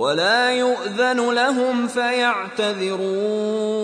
ولا يؤذن لهم فيعتذرون